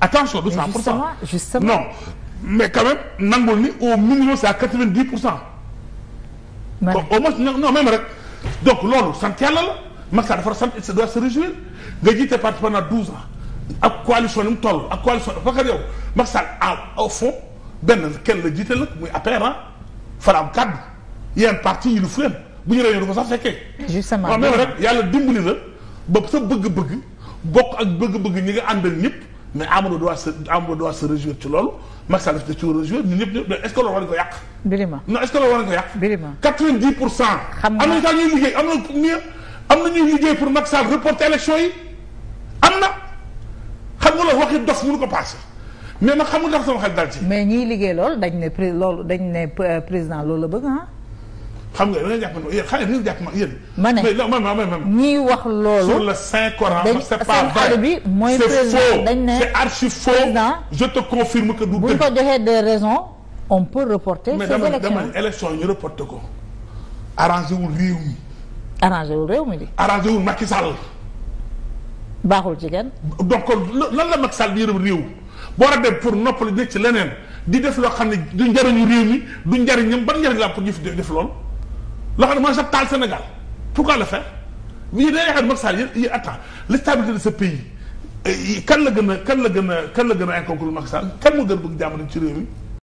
attention du 100 pour cent justement non mais quand même nangul ni au minimum c'est à 90 pour cent. au moins non même rek donc loolu sant yàlla la Macky Sall dafa sant doit se réjouir nga jiite parti pendant 12 ans ak coalition ni mu toll ak coalition parce que yow Macky Sall a fond benn kenn la jiite la muy APR ah fara am kàddu yenn parti yi lu fu leen bu ñu réunion du ko sax fekkee. justement waaw même rek yàlla dimbali la ba sa bëgg-bëgg bokk ak bëgg-bëgg ñi nga àndal ñëpp. mais Amadou doit se Amadou doit se réjouir ci loolu Macky Sall daf ci réjouir ñun ñëpp ñëpp est-ce loolu war nañu ko yàq. Birima non est loolu war nañu ko yàq. Birima xam am na ñuy liggéey na mieux am pour Macky Sall reporter élection am na xam nga loolu waxi dof mënu ko passé mais nag xam nga dafa sama xel dal ci. mais ñiy liggéey loolu dañ ne pré loolu dañ ne euh, président loolu la bëgg ah. xam nga da nga jàpp ne yéen xale bi jàpp ma yéen. ma ne ñiy wax loolu. sur le saint coran c'est pas vrai bi mooy président dañ ne c'est archi faux je te confirme que du dëgg. bu ñu ko joxee des raisons on peut reporter. ces élections mais dama ne élection ñu reporté ko arrangé wul réew mi. arrangé wul réew mi di. arrangé wul Macky Sall. baaxul ci kenn. donc lan la Macky Sall di yërëm réew boo war a dem pour noppali nekk ci leneen di def loo xam ne du njëriñu réew mi du njëriñam ban njëriñ la pour ñu fi def loolu. loo xam ne mooy sax taal Sénégal pourquoi le faire yéen da ngay xam ne Macky Sall yéen attends l'instabilité de ce pays euh, kan la gën a kan la gën a kan la gën a inconclu Macky Sall kan moo gën bëgg jàmm ci réew mi